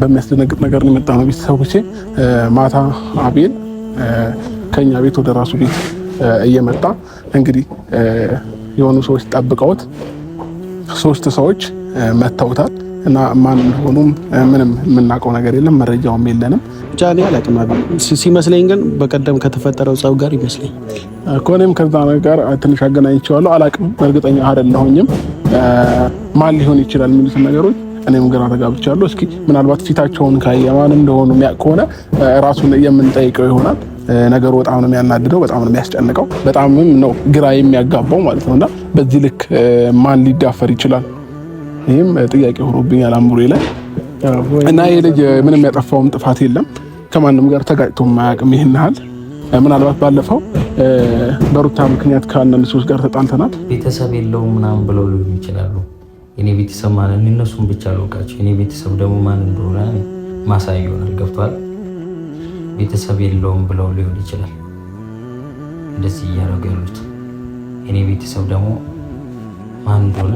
በሚያስደነግጥ ነገር ነው የመጣ ነው። ቤተሰቦቼ ማታ አቤል ከኛ ቤት ወደ ራሱ ቤት እየመጣ እንግዲህ የሆኑ ሰዎች ጠብቀውት ሶስት ሰዎች መተውታል እና ማን እንደሆኑም ምንም የምናውቀው ነገር የለም፣ መረጃውም የለንም። ብቻ እኔ አላቅም ሲመስለኝ ግን በቀደም ከተፈጠረው ጸብ ጋር ይመስለኝ እኮ እኔም ከዛ ጋር ትንሽ አገናኝቼዋለሁ። አላቅም፣ እርግጠኛ አይደለሁኝም። ማን ሊሆን ይችላል የሚሉትን ነገሮች እኔም ግራ ተጋብቻለሁ። እስኪ ምናልባት ፊታቸውን ካየማን እንደሆኑ የሚያውቅ ከሆነ ራሱን የምንጠይቀው ይሆናል። ነገሩ በጣም ነው የሚያናድደው፣ በጣም ነው የሚያስጨንቀው፣ በጣምም ነው ግራ የሚያጋባው ማለት ነውና በዚህ ልክ ማን ሊዳፈር ይችላል? ይህም ጥያቄ ሆኖብኛል አምቡሬ ላይ እና ይሄ ልጅ ምንም ያጠፋውም ጥፋት የለም። ከማንም ጋር ተጋጭቶ ማያውቅም። ይህን ያህል ምናልባት ባለፈው በሩታ ምክንያት ከአንዳንድ ሰዎች ጋር ተጣልተናል፣ ቤተሰብ የለውም ምናምን ብለው ሊሆን ይችላሉ የኔ ቤተሰብ ማንን እነሱን ብቻ አልወቃቸው። የኔ ቤተሰብ ደግሞ ማን እንደሆነ ማሳያ ይሆናል። ገብቷል። ቤተሰብ የለውም ብለው ሊሆን ይችላል እንደዚህ እያደረጉ ያሉት። የኔ ቤተሰብ ደግሞ ማን እንደሆነ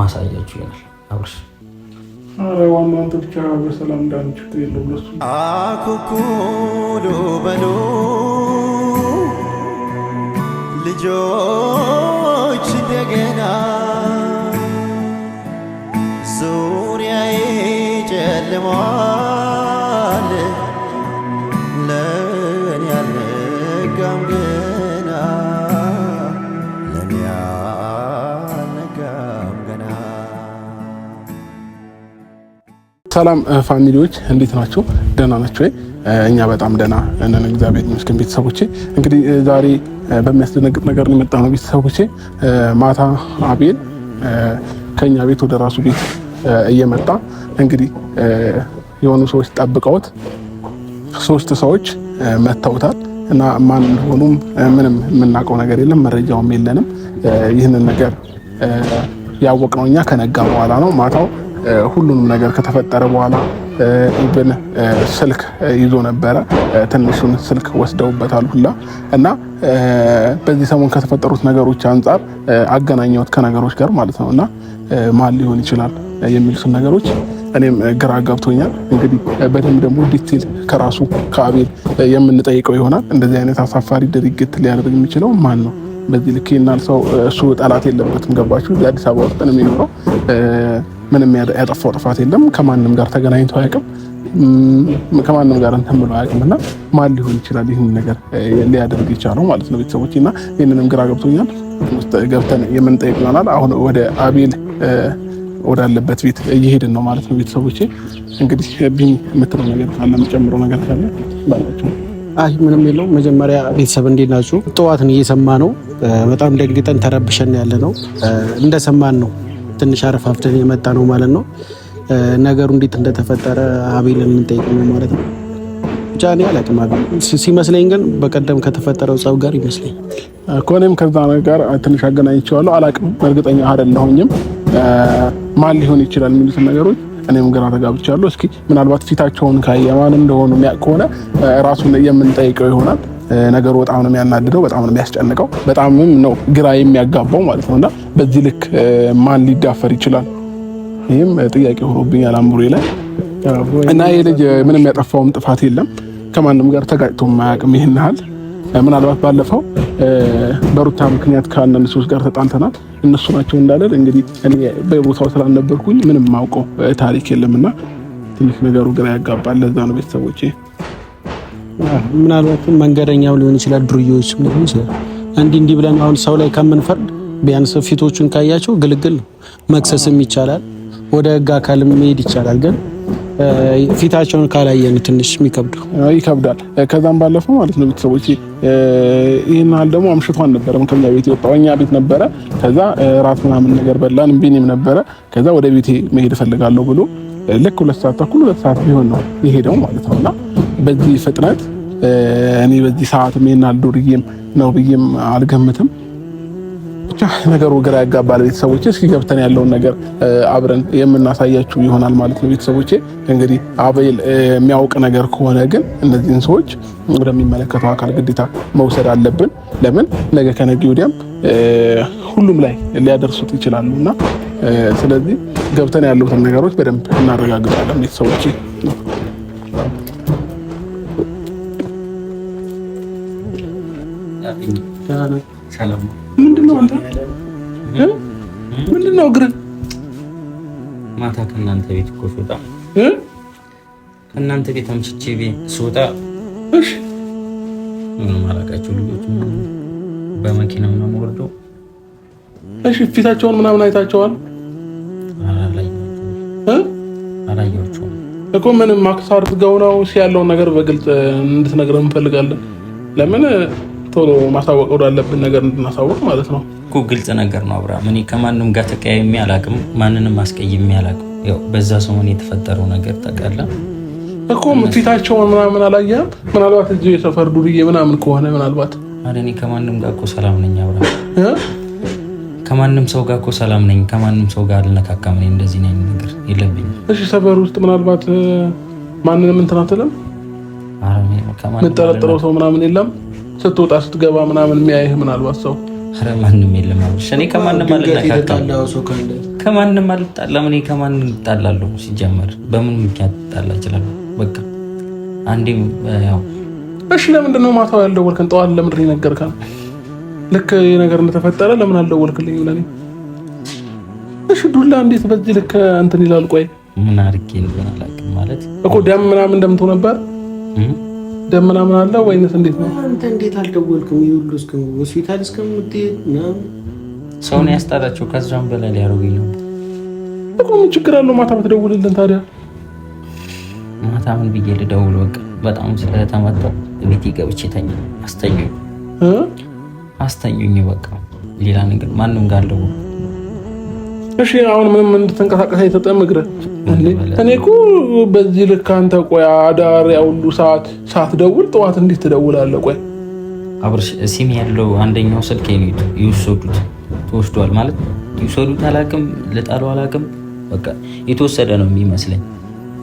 ማሳያችሁ ይሆናል። አብርሽ ኧረ ብቻ በሰላም ዳንችት የለው ለሱ አኩኩሉ በሉ ልጆች እንደገና ጨልሟል ለእኔ ገና ለእኔ ገና። ሰላም ፋሚሊዎች እንዴት ናቸው? ደህና ናቸው እኛ በጣም ደህና ነን፣ እግዚአብሔር ይመስገን። ቤተሰቦቼ እንግዲህ ዛሬ በሚያስደነግጥ ነገር ነው የመጣ ነው ቤተሰቦቼ። ማታ አቤል ከኛ ቤት ወደ ራሱ ቤት እየመጣ እንግዲህ የሆኑ ሰዎች ጠብቀውት ሶስት ሰዎች መተውታል እና ማን ሆኑም ምንም የምናውቀው ነገር የለም፣ መረጃውም የለንም። ይህንን ነገር ያወቅነው እኛ ከነጋ በኋላ ነው። ማታው ሁሉንም ነገር ከተፈጠረ በኋላ ኢብን ስልክ ይዞ ነበረ። ትንሹን ስልክ ወስደውበታል ሁላ እና በዚህ ሰሞን ከተፈጠሩት ነገሮች አንጻር አገናኘሁት ከነገሮች ጋር ማለት ነው እና ማን ሊሆን ይችላል የሚሉትን ነገሮች እኔም ግራ ገብቶኛል። እንግዲህ በደንብ ደግሞ ዲቴል ከራሱ ከአቤል የምንጠይቀው ይሆናል። እንደዚህ አይነት አሳፋሪ ድርጊት ሊያደርግ የሚችለው ማን ነው? በዚህ ልክ ይናል ሰው እሱ ጠላት የለበትም። ገባችሁ? እዚህ አዲስ አበባ ውስጥ ነው የሚኖረው ምንም ያጠፋው ጥፋት የለም። ከማንም ጋር ተገናኝቶ አያውቅም። ከማንም ጋር እንትን ብሎ አያውቅም። እና ማን ሊሆን ይችላል ይህን ነገር ሊያደርግ የቻለው ማለት ነው? ቤተሰቦች እና ይህንንም ግራ ገብቶኛል። ገብተን የምንጠይቅ ይሆናል። አሁን ወደ አቤል ወዳለበት ቤት እየሄድን ነው ማለት ነው። ቤተሰቦች። እንግዲህ ቢኝ የምትለው ነገር ካለ የምጨምረው ነገር ካለ ባላቸው። አይ ምንም የለው። መጀመሪያ ቤተሰብ እንዴት ናችሁ? ጠዋትን እየሰማ ነው። በጣም ደንግጠን ተረብሸን ያለ ነው እንደሰማን ነው ትንሽ አረፋፍደን የመጣ ነው ማለት ነው። ነገሩ እንዴት እንደተፈጠረ አቤልን የምንጠይቅ ነው ማለት ነው። ብቻ እኔ አላቅም ሲመስለኝ፣ ግን በቀደም ከተፈጠረው ጸብ ጋር ይመስለኝ እኮ እኔም ከዛ ነገር ትንሽ አገናኝቸዋለሁ። አላቅም፣ እርግጠኛ አይደለሁኝም። ማን ሊሆን ይችላል የሚሉትን ነገሮች እኔም ግራ ተጋብቻለሁ። እስኪ ምናልባት ፊታቸውን ካየማን እንደሆኑ የሚያውቅ ከሆነ ራሱን የምንጠይቀው ይሆናል። ነገሩ በጣም ነው የሚያናድደው፣ በጣም ነው የሚያስጨንቀው፣ በጣምም ነው ግራ የሚያጋባው ማለት ነው። እና በዚህ ልክ ማን ሊዳፈር ይችላል? ይህም ጥያቄ ሆኖብኛል አእምሮዬ ላይ እና ይህ ልጅ ምንም ያጠፋውም ጥፋት የለም። ከማንም ጋር ተጋጭቶ ማያውቅም። ይህን ምናልባት ባለፈው በሩታ ምክንያት ከአንዳንድ ሰዎች ጋር ተጣልተናል። እነሱ ናቸው እንዳለል እንግዲህ እኔ በቦታው ስላልነበርኩኝ ምንም ማውቀው ታሪክ የለምና ትንሽ ነገሩ ግራ ያጋባል። ለዛ ነው ቤተሰቦቼ ምናልባትም መንገደኛው ሊሆን ይችላል፣ ዱርዬዎች ሊሆን ይችላል። እንዲህ እንዲህ ብለን አሁን ሰው ላይ ከምንፈርድ ቢያንስ ፊቶቹን ካያቸው ግልግል መክሰስም ይቻላል፣ ወደ ህግ አካልም መሄድ ይቻላል። ግን ፊታቸውን ካላየን ትንሽ የሚከብዱ ይከብዳል። ከዛም ባለፈው ማለት ነው ቤተሰቦች ይህን ያህል ደግሞ አምሽቷን ነበረ ከኛ ቤት የወጣው እኛ ቤት ነበረ። ከዛ ራት ምናምን ነገር በላን ቢኒም ነበረ። ከዛ ወደ ቤቴ መሄድ እፈልጋለሁ ብሎ ልክ ሁለት ሰዓት ተኩል ሁለት ሰዓት ቢሆን ነው የሄደው ማለት እና በዚህ ፍጥነት እኔ በዚህ ሰዓት ሜና ዱርዬም ነው ብዬም አልገምትም። ብቻ ነገሩ ግራ ያጋባል። ቤተሰቦች እስኪ ገብተን ያለውን ነገር አብረን የምናሳያችሁ ይሆናል ማለት ነው። ቤተሰቦች እንግዲህ አቤል የሚያውቅ ነገር ከሆነ ግን እነዚህን ሰዎች ወደሚመለከተው አካል ግዴታ መውሰድ አለብን። ለምን ነገ ከነገ ወዲያም ሁሉም ላይ ሊያደርሱት ይችላሉ እና ስለዚህ ገብተን ያሉትን ነገሮች በደንብ እናረጋግጣለን ቤተሰቦች። ሰላም ነው። ምንድን ነው አንተ ምንድን ነው እግርህ? ማታ ከእናንተ ቤት እኮ ስወጣ ከእናንተ ቤት አምሽቼ ቤት ስወጣ ምንም አላውቃቸው ልጆች በመኪና ምናምን ወርዶ እሺ፣ ፊታቸውን ምናምን አይታቸዋል? አላየኋቸውም እኮ ምንም አክሳር ትገውናው ያለውን ነገር በግልጽ እንድትነግረን እንፈልጋለን። ለምን ቶሎ ማሳወቅ ወዳለብን ነገር እንድናሳወቅ ማለት ነው እኮ። ግልጽ ነገር ነው አብርሃም። እኔ ከማንም ጋር ተቀያይሜ አላቅም፣ ማንንም አስቀይሜ አላቅም። ያው በዛ ሰሞን የተፈጠረው ነገር ታውቃለህ እኮ ፊታቸውን ምናምን አላየህም? ምናልባት እዚህ የሰፈር ዱርዬ ምናምን ከሆነ ምናልባት እኔ ከማንም ጋር እኮ ሰላም ነኝ አብርሃም፣ ከማንም ሰው ጋር እኮ ሰላም ነኝ። ከማንም ሰው ጋር አልነካካም። እኔ እንደዚህ ነኝ፣ ነገር የለብኝም። እሺ ሰፈር ውስጥ ምናልባት ማንንም እንትን አትልም? ምጠረጥረው ሰው ምናምን የለም ስትወጣ ስትገባ ምናምን የሚያይህ ምናልባት ሰው ኧረ ማንም የለም አብርሽ። እኔ ከማንም አልነካካም፣ ከማንም አልጣላም። እኔ ከማንም እጣላለሁ ሲጀመር በምን ምክንያት ጣላ እችላለሁ? በቃ አንዴም ያው እሺ፣ ለምንድን ነው ማታው ያልደወልከን? ጠዋት ለምንድን ነው የነገርከን? ልክ ነገር እንደተፈጠረ ለምን አልደወልክልኝ ብለህ እሺ። ዱላ እንዴት በዚህ ልክ እንትን ይላል? ቆይ ምን አድርጌ እንደሆነ አላውቅም። ማለት እኮ ዳም ምናምን እንደምትሆን ነበር ደም ምናምን አለ ወይንስ እንዴት ነው? አንተ እንዴት አልደወልክም? ይሁሉ እስከም ሆስፒታል እስከምትሄድ ምናምን ሰው ነው ያስጣላቸው። ከዛም በላይ ሊያደርጉኝ ነው እኮ። ምን ችግር አለው? ማታ ብትደውልልን ታዲያ። ማታ ምን ብዬ ልደውል? በቃ በጣም ስለተመጣው ቤት ገብቼ ተኛ። አስተኙኝ፣ አስተኙኝ። በቃ ሌላ ነገር ማንም ጋር አልደውልም እሺ አሁን ምንም እንድትንቀሳቀስ አይሰጠም እግረ እኔ እኮ በዚህ ልክ አንተ ቆይ አዳር ያውሉ ሰዓት ሰዓት ደውል ጠዋት እንዴት ትደውላለህ? ቆይ አብርሽ ሲም ያለው አንደኛው ስልክ ይውሰዱት፣ ተወስዷል ማለት ይውሰዱት። አላውቅም፣ ልጣሉ አላውቅም። በቃ የተወሰደ ነው የሚመስለኝ።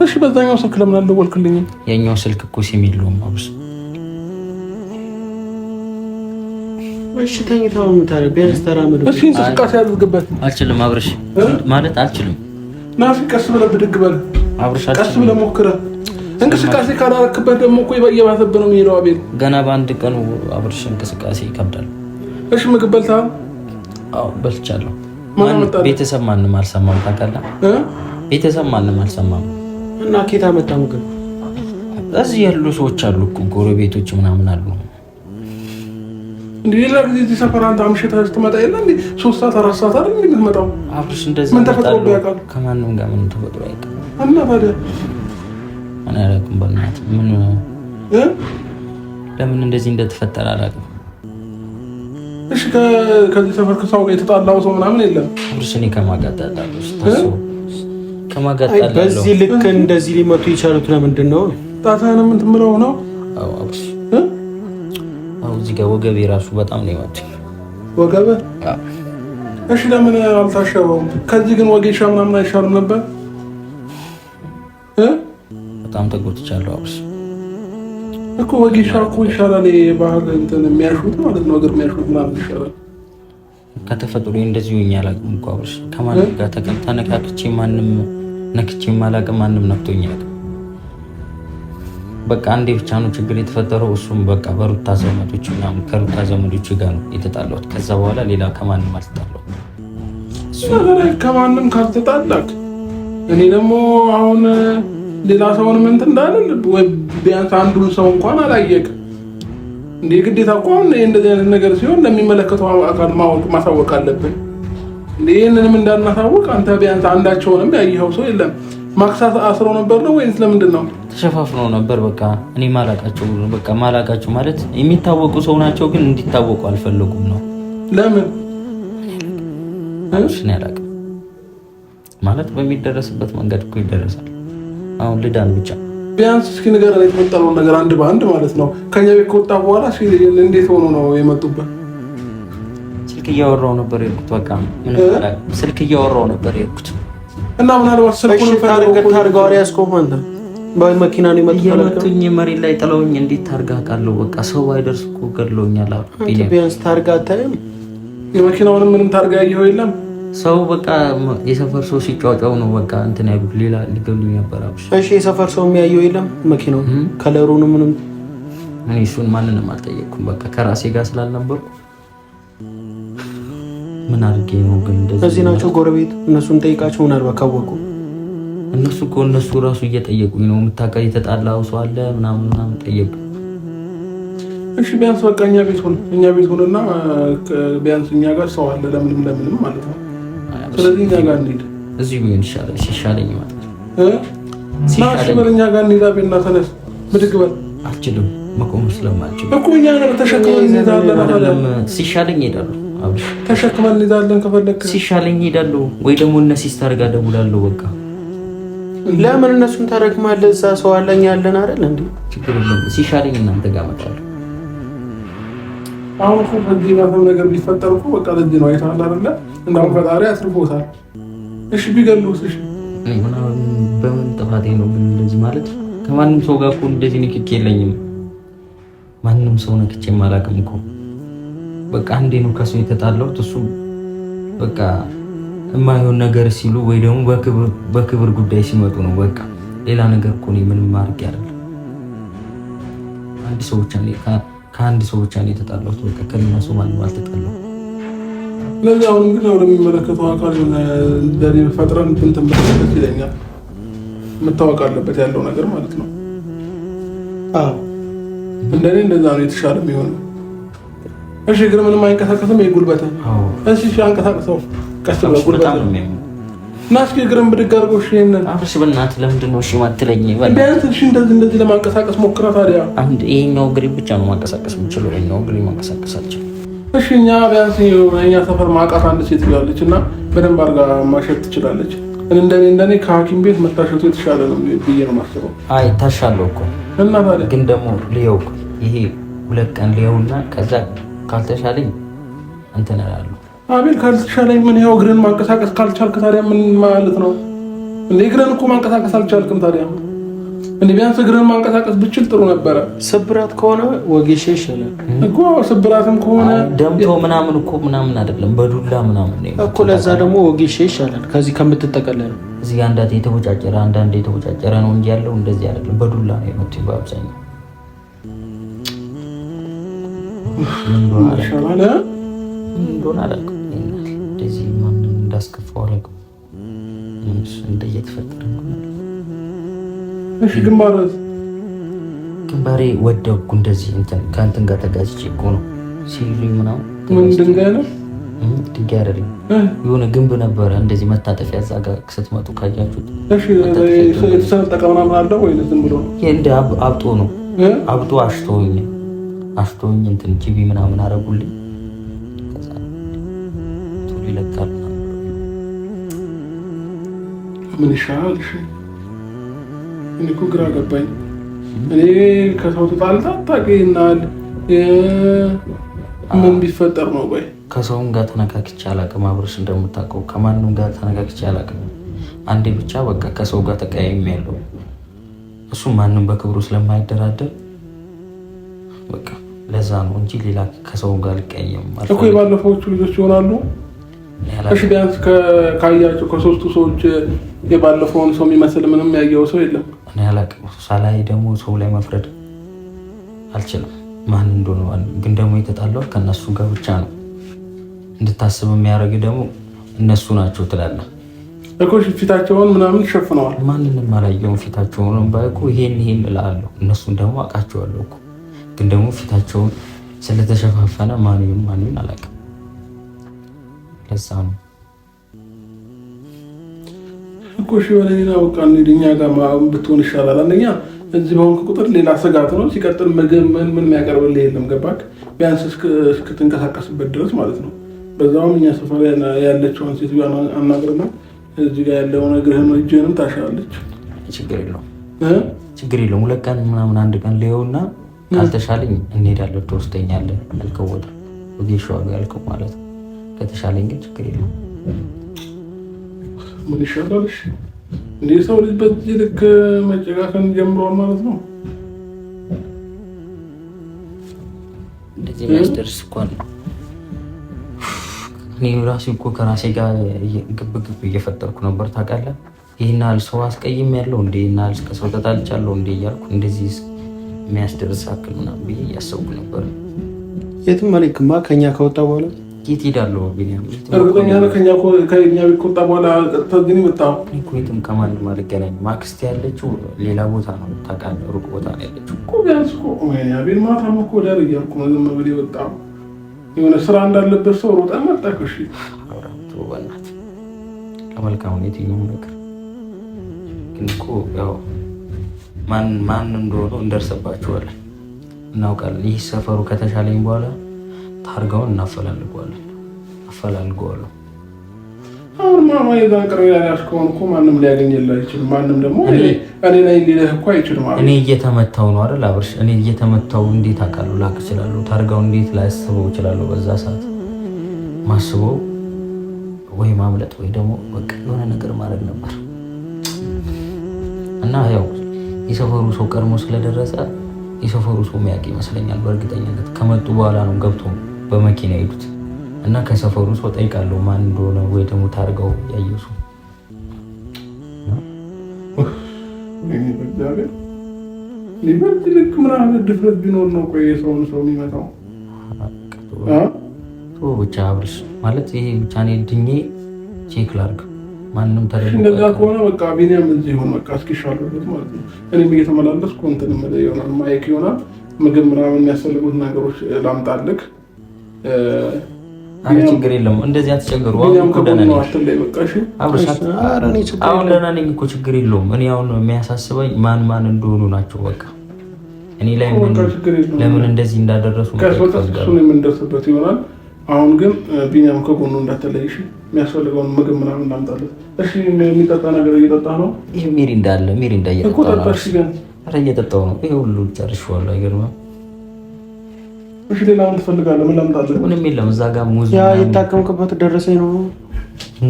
እሺ በዛኛው ስልክ ለምን አልደወልክልኝም? የኛው ስልክ እኮ ሲም የለውም አብርሽ እሺ ቢያንስ እሺ እንቅስቃሴ አድርግበት አልችልም ማለት አልችልም። ናፊ ቀስ ብለህ ብድግ በል ቀስ ብለህ ሞክረህ። እንቅስቃሴ ካላረክበት ደግሞ እኮ እየባሰብህ ነው የሚሄደው። አቤል ገና በአንድ ቀኑ እንቅስቃሴ ይከብዳል። እሺ ምግብ በልተሃል? አዎ በልቻለሁ። ቤተሰብ ማንም አልሰማም። ታውቃለህ፣ ቤተሰብ ማንም አልሰማም። እና ኬታ መጣ ምግብ እዚህ ያሉ ሰዎች አሉ፣ ጎረቤቶች ምናምን አሉ ሌላ ጊዜ እዚህ ሰፈር አንተ አምሽታ ስትመጣ የለ እንደ ሶስት ሰዓት አራት ሰዓት አይደል የምትመጣው? አብርሽ እንደዚህ ምን ተፈጥሮ ያውቃል? ከማንም ጋር ምን ተፈጥሮ ያውቃል? እና ታዲያ እኔ አላውቅም። በእናትህ ምን ለምን እንደዚህ እንደተፈጠረ አላውቅም። እሺ ከዚህ ሰፈር ከሰው ጋር የተጣላው ሰው ምናምን የለም? አብርሽ እኔ ከማጋጣጣለሁ ስታስበው በዚህ ልክ እንደዚህ ሊመቱ የቻሉት ለምንድን ነው? ምን ትምለው ነው? አዎ አብርሽ እዚህ ጋር ወገቤ ራሱ በጣም ነው የመጡኝ። ወገብ? እሺ፣ ለምን አልታሸበውም? ከዚህ ግን ወጌሻ ምናምን አይሻልም ነበር? በጣም ተጎትቻለሁ። አብስ እኮ ወጌሻ እኮ ይሻላል። የባህል እንትን የሚያሹት ማለት ነው፣ እግር የሚያሹት ምናምን ይሻላል። ከተፈጥሮ እንደዚህ ሆኜ አላውቅም እኮ አብስ። ከማንም ጋር ተቀምጣ ነካክቼ ማንም ነክቼ አላውቅም። ማንም ነክቶኝ በቃ አንዴ ብቻ ነው ችግር የተፈጠረው። እሱም በቃ በሩታ ዘመዶች ምናምን ከሩታ ዘመዶች ጋር ነው የተጣላሁት። ከዛ በኋላ ሌላ ከማንም አልተጣላሁም። ከማንም ካልተጣላክ እኔ ደግሞ አሁን ሌላ ሰውን ምንት እንዳልል ወይ ቢያንስ አንዱን ሰው እንኳን አላየቅ እንደ ግዴታ እኮ አሁን እንደዚህ አይነት ነገር ሲሆን ለሚመለከተው አካል ማወቅ ማሳወቅ አለብን። ይህንንም እንዳናሳወቅ አንተ ቢያንስ አንዳቸውንም ያየኸው ሰው የለም ማክሳት አስሮ ነበር ነው ወይስ ለምንድን ነው? ተሸፋፍኖ ነበር። በቃ እኔ ማላቃቸው በቃ ማላቃቸው ማለት የሚታወቁ ሰው ናቸው፣ ግን እንዲታወቁ አልፈለጉም ነው። ለምን ሽን ያላቅ ማለት በሚደረስበት መንገድ እኮ ይደረሳል። አሁን ልዳን ብቻ ቢያንስ እስኪ ነገር የተፈጠረውን ነገር አንድ በአንድ ማለት ነው። ከኛ ቤት ከወጣ በኋላ እንዴት ሆኖ ነው የመጡበት? ስልክ እያወራው ነበር የሄድኩት። በቃ ስልክ እያወራው ነበር የሄድኩት እና ምናልባት ስልኩን ታርጋው አልያዝከው ኮማንድ በመኪና ነው የመጡት። እየመቱኝ መሬት ላይ ጥለውኝ እንዴት ታርጋ አውቃለሁ? በቃ ሰው አይደርስ እኮ ገድለውኛል። ቢያንስ ታርጋ አታይም? የመኪናውንም ምንም ታርጋ ያየኸው የለም። ሰው በቃ የሰፈር ሰው ሲጫጫው ነው በቃ እንትን ያሉት። ሌላ ሊገሉኝ ነበር። እሺ የሰፈር ሰው የሚያየው የለም። መኪናው ከለሩንም ምንም እኔ እሱን ማንንም አልጠየቅኩም። በቃ ከራሴ ጋር ስላልነበርኩ ምን አድርጌ ነው ግን? እንደዚህ? እዚህ ናቸው ጎረቤት፣ እነሱን ጠይቃቸው። ምናልባት ካወቁ እነሱ እኮ እነሱ ራሱ እየጠየቁኝ ነው። የምታውቃ የተጣላው ሰው አለ ምናምን ምናምን ጠየቁ። እሺ ቢያንስ በቃ እኛ ቤት ሁን እኛ ቤት እና ቢያንስ እኛ ጋር ሰው አለ ለምንም ለምንም ማለት ነው። ስለዚህ እኛ ጋር እንሂድ። እዚህ ቢሆን ይሻላል። ሲሻለኝ ይመጣል። ሲሻለኝ እኛ ጋር እንሂድ። አቤና ተነስ፣ ብድግ በል። አልችልም መቆም ስለማልችል እኮ እኛ ነው ተሸክመን እንሄዳለን። ሲሻለኝ እሄዳለሁ ተሸክመን እንሄዳለን። ከፈለክ ሲሻለኝ እሄዳለሁ ወይ ደግሞ እነ ሲስተር ጋር ደውላለሁ። በቃ ለምን እነሱን ተረክማለህ? እዛ ሰው አለኝ ያለን አይደል እንዴ? ችግር የለም። ሲሻለኝ እናንተ ጋር እመጣለሁ። አሁን እኮ በዚህ ባፈም ነገር ቢፈጠር እኮ በቃ ለዚ ነው አይተሃል አይደለ? እንደውም ፈጣሪ አትርፎታል። እሺ ቢገሉት፣ እሺ በምን ጥፋቴ ነው ግን እንደዚህ ማለት? ከማንም ሰው ጋር እኮ እንደዚህ ንክክ የለኝም። ማንም ሰው ነክቼም አላውቅም እኮ በቃ አንዴ ነው ከሰው የተጣላሁት። እሱ በቃ የማይሆን ነገር ሲሉ ወይ ደግሞ በክብር ጉዳይ ሲመጡ ነው። በቃ ሌላ ነገር እኮ እኔ ምንም ማድረግ አይደለም። አንድ ሰው ብቻ ከአንድ ሰው ብቻ ነው የተጣላሁት። በቃ ከሌላ ሰው ማንም አልተጣላሁም። ስለዚህ አሁንም ግን የሚመለከተው አካል እንደኔ ፈጥረን እንትን ብለበት ይለኛል። መታወቅ አለበት ያለው ነገር ማለት ነው። እንደኔ እንደዛ ነው የተሻለ የሚሆነው እሺ፣ እግር ምንም አይንቀሳቀስም። የጉልበት እሺ፣ እሺ፣ አንቀሳቅሰው ቀስ ብለህ ጉልበት እና እስኪ እግርም ብድግ አድርገው። እሺ፣ ይሄንን አፍርሽ። በእናትህ ለምንድን ነው እሺ የማትለኝ? ቢያንስ እሺ፣ እንደዚህ እንደዚህ ለማንቀሳቀስ ሞክራ። ታዲያ አንድ ይሄኛው እግሬ ብቻ ነው ማንቀሳቀስ የምችለው። ይሄኛው እግሬ ማንቀሳቀስ አልችልም። እሺ፣ እኛ ቢያንስ እኛ ሰፈር ማውቃት አንድ ሴት ትላለች እና በደንብ አድርጋ ማሸት ትችላለች። እንደኔ እንደኔ ከሐኪም ቤት መታሸቱ የተሻለ ነው ብዬ ነው የማስበው። አይ ታሻለው እኮ እና ታዲያ ግን ደግሞ ልየው ይሄ ሁለት ቀን ልየውና ከዛ ካልተሻለኝ እንትን እላለሁ። አቤል ካልተሻለኝ ምን ያው እግርን ማንቀሳቀስ ካልቻልክ ታዲያ ምን ማለት ነው እንደ እግርን እኮ ማንቀሳቀስ አልቻልክም። ታዲያ እንዴ ቢያንስ እግርን ማንቀሳቀስ ብችል ጥሩ ነበረ። ስብራት ከሆነ ወጌሻ ይሻላል እኮ ስብራትም ከሆነ ደምቶ ምናምን እኮ ምናምን አይደለም በዱላ ምናምን እኮ ለዛ ደግሞ ወጌሻ ይሻላል ከዚህ ከምትጠቀለል እዚህ አንዳንዴ የተቦጫጨረ አንዳንዴ የተቦጫጨረ ነው እንጂ ያለው እንደዚህ አይደለም። በዱላ ነው የመቱኝ በአብዛኛው እንደዚህ እንዳስከፋው አላውቅም። እሺ፣ ግንባሬ ወደኩ እንደዚህ ከእንትን ጋር ተጋጭቼ እኮ ነው ሲሉኝ ምናምን ድንጋይ ነው ድንጋይ አይደለም የሆነ ግንብ ነበረ እንደዚህ መታጠፊያ እዛ ጋር ስትመጡ ካያችሁት የተሰነጠቀ ምናምን አለው ወይ? ዝም ብሎ እንደ አብጦ ነው አብጦ አሽቶኛል። አሽቶኝ እንትን ጂቢ ምናምን አረጉልኝ። ከዛ ቶሎ ይለቃል። ምን ይሻላል? እሺ እኔ እኮ ግራ ገባኝ። እኔ ከሰው ተጣልታ ታገኝናል። ምን ቢፈጠር ነው? ቆይ ከሰውም ጋር ተነካክቼ አላውቅም። አብረሽ እንደምታውቀው ከማንም ጋር ተነካክቼ አላውቅም። አንዴ ብቻ በቃ ከሰው ጋር ተቀያይም ያለው እሱ ማንም በክብሩ ስለማይደራደር በቃ ለዛ ነው እንጂ ሌላ ከሰው ጋር ልቀየም እኮ የባለፈዎቹ ልጆች ይሆናሉ። እሺ ቢያንስ ካያቸው ከሶስቱ ሰዎች የባለፈውን ሰው የሚመስል ምንም ያየው ሰው የለም። እኔ አላቅም። ሳላይ ደግሞ ሰው ላይ መፍረድ አልችልም ማን እንደሆነ። ግን ደግሞ የተጣለው ከእነሱ ጋር ብቻ ነው እንድታስብ የሚያደርግ ደግሞ እነሱ ናቸው ትላለህ እኮ ፊታቸውን ምናምን ይሸፍነዋል። ማንንም አላየውም ፊታቸውን ባይ ይሄን ይሄን እላለሁ። እነሱን ደግሞ አውቃቸዋለሁ እኮ ግን ደግሞ ፊታቸውን ስለተሸፋፈነ ማንም ማንም አላውቅም። ለዛ ነው እኮ እሺ፣ ወደ ሌላ በቃ እኛ ጋር ብትሆን ይሻላል። አንደኛ እዚህ በሆንክ ቁጥር ሌላ ስጋት ነው። ሲቀጥል ምግብ ምን ምን የሚያቀርብልህ የለም። ገባክ? ቢያንስ እስክትንቀሳቀስበት ድረስ ማለት ነው። በዛውም እኛ ሰፈር ያለችውን ሴት አናግርና እዚህ ጋር ያለውን እግርህን እጅህንም ታሻለች። ችግር የለውም፣ ችግር የለውም። ሁለት ቀን ምናምን አንድ ቀን ሊሆንና ካልተሻለኝ እንሄዳለን ትወስደኛለህ ያልከው ቦታ ወጌሻዋሉ ያልከው ማለት ነው። ከተሻለኝ ግን ችግር የለም። ምን ይሻላል? እንደ ሰው ልጅ በዚህ ልክ መጨቃቀን ጀምሯል ማለት ነው። እንደዚህ ሚያስደርስ እንኳን እኔ ራሴ እኮ ከራሴ ጋር ግብግብ እየፈጠርኩ ነበር ታውቃለህ። ይህን ያህል ሰው አስቀይሜያለሁ እንዴ? ይህን ያህል ከሰው ተጣልቻለሁ እንዴ? እያልኩ እንደዚህ የሚያስደርስ አክል ምናምን ብዬ እያሰቡ ነበር። የትም አልሄድክማ ከኛ ከወጣ በኋላ የት ሄዳለሁ? እርግጠኛ ነህ? ከኛ ቤት ከማንም አልገናኝም። ማክስት ያለችው ሌላ ቦታ ነው ታውቃለህ፣ ሩቅ ቦታ ነው ያለችው የሆነ ስራ እንዳለበት ሰው ሮጠን መጣክ። እሺ አብራቱ ከመልካም ሁኔታ የትኛውም ነገር ግን እኮ ያው ማን ማን እንደሆኑ እንደርሰባችኋለን፣ እናውቃለን። ይህ ሰፈሩ ከተሻለኝ በኋላ ታርጋውን እናፈላልገዋለን አፈላልገዋለሁ። አሁን ማማ የዛን ቅር ያልሽ ከሆነ እኮ ማንም ሊያገኝልህ አይችልም። ማንም ደግሞ እኔ ላይ ሊለህ እኮ አይችልም። እኔ እየተመታው ነው አይደል አብርሽ? እኔ እየተመታው እንዴት አውቃለሁ ላክ እችላለሁ? ታርጋው እንዴት ላያስበው እችላለሁ? በዛ ሰዓት ማስበው ወይ ማምለጥ ወይ ደግሞ በቃ የሆነ ነገር ማድረግ ነበር እና ያው የሰፈሩ ሰው ቀድሞ ስለደረሰ የሰፈሩ ሰው ሚያውቅ ይመስለኛል። በእርግጠኝነት ከመጡ በኋላ ነው ገብቶ በመኪና ሄዱት እና ከሰፈሩ ሰው ጠይቃለሁ ማን እንደሆነ ወይ ደግሞ ታርገው ያየሱ ሊበልጥ ልክ ምን አይነት ድፍረት ቢኖር ነው ቆይ የሰውን ሰው የሚመጣው? ብቻ አብርሽ ማለት ይሄ ብቻ እኔ ድኜ ቼክ ላድርግ ማንም እንደዛ ከሆነ በቃ ቢኒያም እዚህ ይሆን በቃ እስኪሻለበት ማለት ነው። እኔም እየተመላለስኩ እንትን ይሆናል ማይክ ይሆናል ምግብ ምናምን የሚያስፈልጉት ነገሮች ላምጣልክ። አረ ችግር የለም እንደዚህ አትቸገሩ። አሁን ደህና ነኝ እኮ ችግር የለውም። እኔ አሁን የሚያሳስበኝ ማን ማን እንደሆኑ ናቸው። በቃ እኔ ላይ ለምን እንደዚህ እንዳደረሱ ቀስ የምንደርስበት ይሆናል። አሁን ግን ቢኒያም ከጎኑ እንዳትለይሽ የሚያስፈልገውን ምግብ ምናምን እናምጣለን። እሺ የሚጠጣ ነገር እየጠጣ ነው። ይህ ሚሪንዳ አለ። ሚሪንዳ እየጠጣው ነው። ይሄ ሁሉ ጨርሼዋለሁ። አይገርምም? እሺ ሌላ ምን ትፈልጋለህ? ምን ላምጣልህ? ምንም የለም። እዛ ጋር ሙዝ ያ የታከምክበት ደረሰኝ ነው።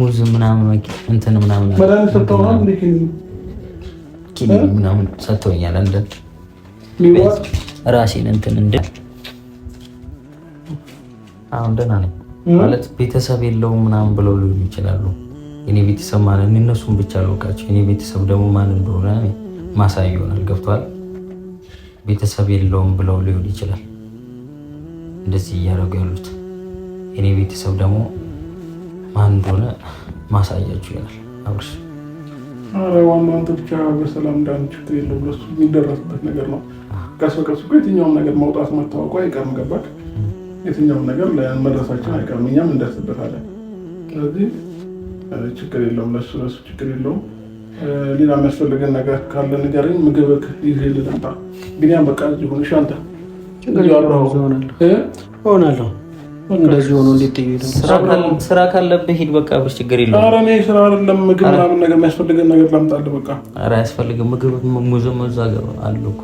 ሙዝ ምናምን እንትን ምናምን መድኃኒት ሰጥተውናል። እንደ ኪኒን ምናምን ሰጥተውኛል። እንደ ራሴን እንትን እንደ አሁን ደህና ነኝ። ማለት ቤተሰብ የለውም ምናምን ብለው ሊሆን ይችላሉ። እኔ ቤተሰብ ማለት እነሱን ብቻ ልወቃቸው። እኔ ቤተሰብ ደግሞ ማን እንደሆነ ማሳይ ይሆናል። ገብቷል። ቤተሰብ የለውም ብለው ሊሆን ይችላል እንደዚህ እያደረጉ ያሉት። እኔ ቤተሰብ ደግሞ ማን እንደሆነ ማሳያቸው ይሆናል። አብርሽ አረ ዋናው አንተ ብቻ በሰላም ዳን ችግር የለውም። ለሱ የሚደረስበት ነገር ነው። ቀስ በቀስ የትኛውም ነገር መውጣት መታወቁ አይቀርም። ገባክ የትኛውን ነገር ለመድረሳችን አይቀርም፣ እኛም እንደርስበታለን። ስለዚህ ችግር የለውም፣ ለሱ ለሱ ችግር የለውም። ሌላ የሚያስፈልገን ነገር ካለ ንገረኝ፣ ምግብ ይዤ ልምጣ። ግንያም በቃ ሆን ሻንተ ሆናለሁ እንደዚህ ሆኖ እንዴት ስራ ካለብህ ሂድ፣ በቃ ብር ችግር የለውም። ኧረ እኔ ስራ አይደለም ምግብ ምናምን ነገር የሚያስፈልገን ነገር ላምጣልህ። በቃ ኧረ አያስፈልግም ምግብ መዘመዛ አለው እኮ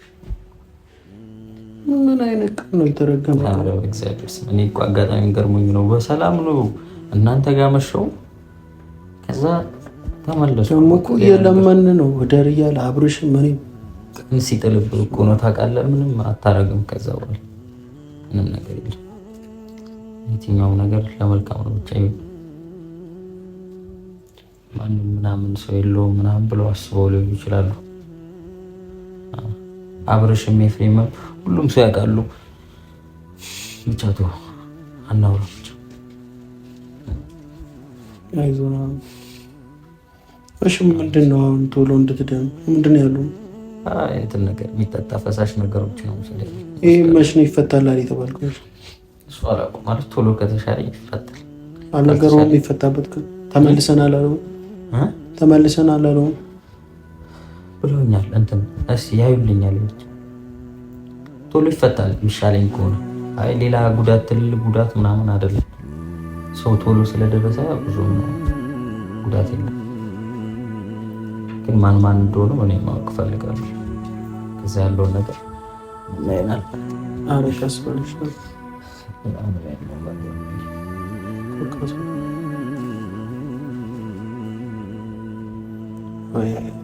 ምን አይነት ቀን ነው የተረገመ? እግዚአብሔር እኔ እኮ አጋጣሚ ገርሞኝ ነው። በሰላም ነው እናንተ ጋር መሸው፣ ከዛ ተመለሱ። ደግሞ እኮ እየለመን ነው ደርያ ለአብርሽ ምን ቀን ሲጥልብ እኮ ነው ታውቃለህ። ምንም አታረግም። ከዛ በኋላ ምንም ነገር የለም። የትኛውም ነገር ለመልካም ነው ብቻ ማንም ምናምን ሰው የለው ምናምን ብለው አስበው ሊሆን ይችላሉ አብረሽም ኤፍሬምም ሁሉም ሰው ያውቃሉ። ብቻ ቶ አናውራ ብቻ እሺ ምንድን ነው አሁን ቶሎ እንድትደም ምንድን ነው ያለው? እንትን ነገር የሚጠጣ ፈሳሽ ነገሮች ነው። ይህ መች ነው ይፈታላል የተባልኩት? እሱ አላውቅም ማለት ቶሎ ከተሻለ ይፈታል አልነገረውም። የሚፈታበት ቀን ተመልሰን አላለውም ተመልሰን አላለውም ብሎኛል። እንትን እስ ያዩልኛል ብቻ ቶሎ ይፈታል የሚሻለኝ ከሆነ አይ ሌላ ጉዳት ትልል ጉዳት ምናምን አይደለም። ሰው ቶሎ ስለደረሰ ብዙ ጉዳት የለም። ግን ማን ማን እንደሆነ እኔ ማወቅ እፈልጋለሁ። ከዚያ ያለውን ነገር እናይናል። ወይ